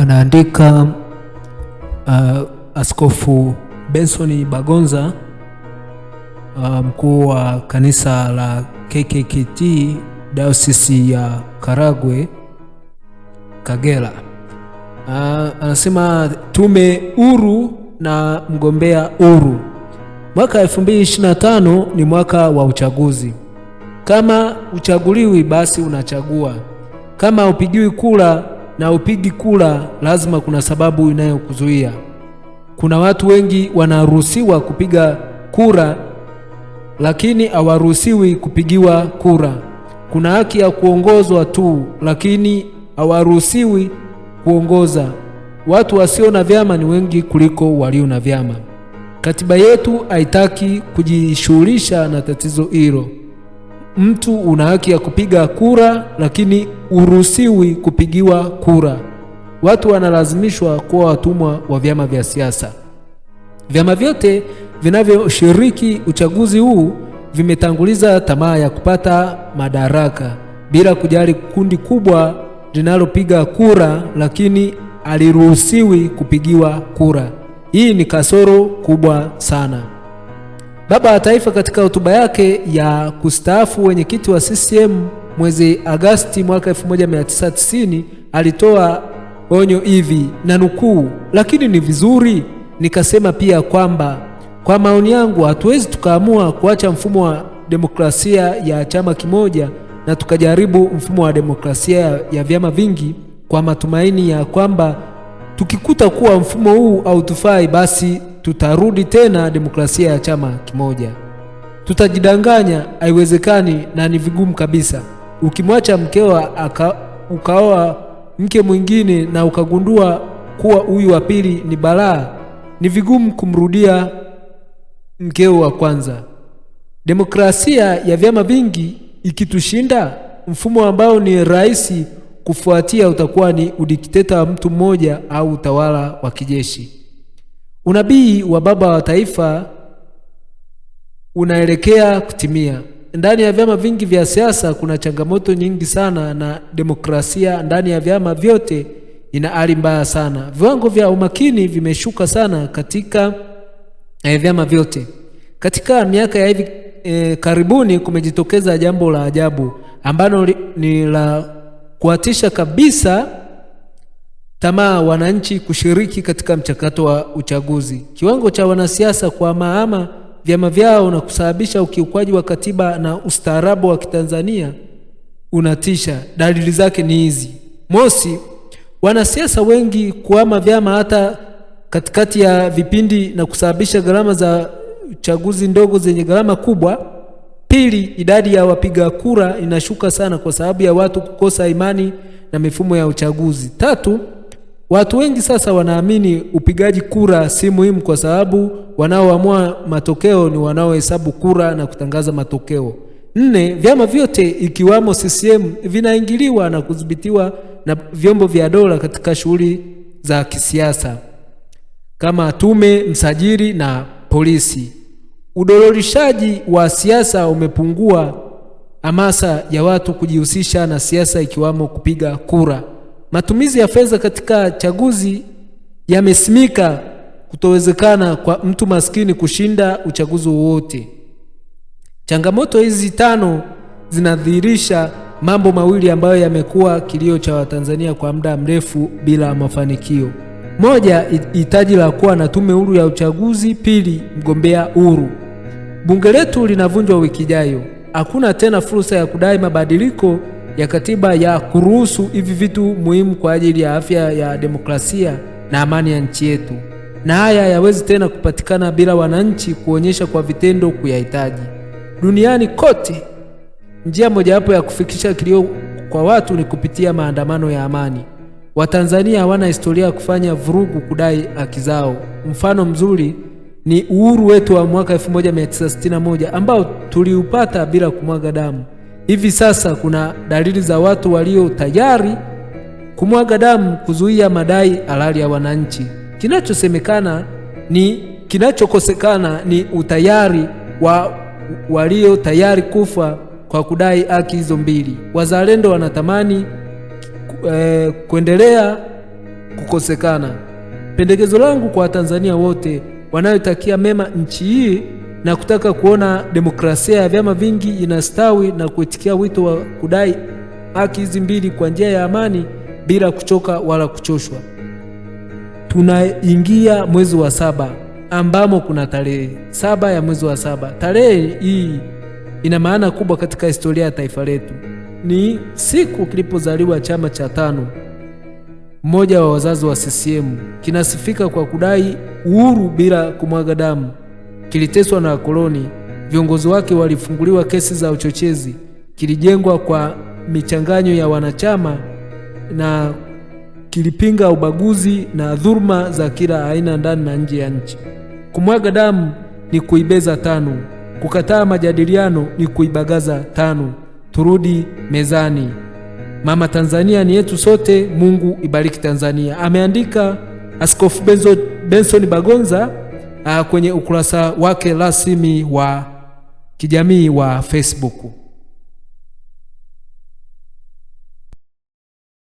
anaandika uh, Askofu Benson Bagonza uh, mkuu wa kanisa la KKKT Dayosisi ya Karagwe Kagera. Uh, anasema tume uru na mgombea uru Mwaka 2025 ni mwaka wa uchaguzi. Kama uchaguliwi, basi unachagua. Kama upigiwi kula na upigi kula, lazima kuna sababu inayokuzuia. Kuna watu wengi wanaruhusiwa kupiga kura, lakini hawaruhusiwi kupigiwa kura. Kuna haki ya kuongozwa tu, lakini hawaruhusiwi kuongoza. Watu wasio na vyama ni wengi kuliko walio na vyama. Katiba yetu haitaki kujishughulisha na tatizo hilo mtu una haki ya kupiga kura, lakini uruhusiwi kupigiwa kura. Watu wanalazimishwa kuwa watumwa wa vyama vya siasa. Vyama vyote vinavyoshiriki uchaguzi huu vimetanguliza tamaa ya kupata madaraka bila kujali kundi kubwa linalopiga kura, lakini aliruhusiwi kupigiwa kura. Hii ni kasoro kubwa sana. Baba wa Taifa katika hotuba yake ya kustaafu wenyekiti wa CCM mwezi Agasti mwaka 1990 alitoa onyo hivi na nukuu, lakini ni vizuri nikasema pia kwamba kwa maoni yangu hatuwezi tukaamua kuacha mfumo wa demokrasia ya chama kimoja na tukajaribu mfumo wa demokrasia ya vyama vingi kwa matumaini ya kwamba tukikuta kuwa mfumo huu hautufai basi tutarudi tena demokrasia ya chama kimoja. Tutajidanganya, haiwezekani na ni vigumu kabisa. Ukimwacha mkewa aka, ukaoa mke mwingine na ukagundua kuwa huyu wa pili ni balaa, ni vigumu kumrudia mkeo wa kwanza. Demokrasia ya vyama vingi ikitushinda, mfumo ambao ni rahisi kufuatia utakuwa ni udikteta wa mtu mmoja au utawala wa kijeshi. Unabii wa baba wa taifa unaelekea kutimia. Ndani ya vyama vingi vya siasa kuna changamoto nyingi sana, na demokrasia ndani ya vyama vyote ina hali mbaya sana. Viwango vya umakini vimeshuka sana katika eh, vyama vyote. Katika miaka ya hivi eh, karibuni kumejitokeza jambo la ajabu ambalo ni la kuatisha kabisa tamaa wananchi kushiriki katika mchakato wa uchaguzi, kiwango cha wanasiasa kuhamahama vyama vyao na kusababisha ukiukwaji wa katiba na ustaarabu wa Kitanzania unatisha. Dalili zake ni hizi: mosi, wanasiasa wengi kuhama vyama hata katikati ya vipindi na kusababisha gharama za uchaguzi ndogo zenye gharama kubwa. Pili, idadi ya wapiga kura inashuka sana kwa sababu ya watu kukosa imani na mifumo ya uchaguzi. Tatu, Watu wengi sasa wanaamini upigaji kura si muhimu kwa sababu wanaoamua matokeo ni wanaohesabu kura na kutangaza matokeo. Nne, vyama vyote ikiwamo CCM vinaingiliwa na kudhibitiwa na vyombo vya dola katika shughuli za kisiasa kama tume, msajili na polisi. udororishaji wa siasa umepungua hamasa ya watu kujihusisha na siasa ikiwamo kupiga kura matumizi ya fedha katika chaguzi yamesimika kutowezekana kwa mtu maskini kushinda uchaguzi wowote. Changamoto hizi tano zinadhihirisha mambo mawili ambayo yamekuwa kilio cha Watanzania kwa muda mrefu bila mafanikio. Moja, hitaji la kuwa na tume huru ya uchaguzi. Pili, mgombea huru. Bunge letu linavunjwa wiki ijayo. Hakuna tena fursa ya kudai mabadiliko ya katiba ya kuruhusu hivi vitu muhimu kwa ajili ya afya ya demokrasia na amani ya nchi yetu, na haya hayawezi tena kupatikana bila wananchi kuonyesha kwa vitendo kuyahitaji. Duniani kote, njia mojawapo ya kufikisha kilio kwa watu ni kupitia maandamano ya amani. Watanzania hawana historia ya kufanya vurugu kudai haki zao. Mfano mzuri ni uhuru wetu wa mwaka 1961 ambao tuliupata bila kumwaga damu. Hivi sasa kuna dalili za watu walio tayari kumwaga damu kuzuia madai halali ya wananchi. Kinachosemekana ni kinachokosekana ni utayari wa walio tayari kufa kwa kudai haki hizo mbili. Wazalendo wanatamani eh, kuendelea kukosekana. Pendekezo langu kwa Watanzania wote wanayotakia mema nchi hii na kutaka kuona demokrasia ya vyama vingi inastawi na kuitikia wito wa kudai haki hizi mbili kwa njia ya amani bila kuchoka wala kuchoshwa. Tunaingia mwezi wa saba ambamo kuna tarehe saba ya mwezi wa saba. Tarehe hii ina maana kubwa katika historia ya taifa letu. Ni siku kilipozaliwa chama cha tano, mmoja wa wazazi wa CCM, kinasifika kwa kudai uhuru bila kumwaga damu kiliteswa na wakoloni, viongozi wake walifunguliwa kesi za uchochezi, kilijengwa kwa michanganyo ya wanachama na kilipinga ubaguzi na dhuluma za kila aina ndani na nje ya nchi. Kumwaga damu ni kuibeza tano, kukataa majadiliano ni kuibagaza tano. Turudi mezani. Mama Tanzania ni yetu sote. Mungu ibariki Tanzania, ameandika Askofu Benson Bagonza Ah, kwenye ukurasa wake rasmi wa kijamii wa Facebook.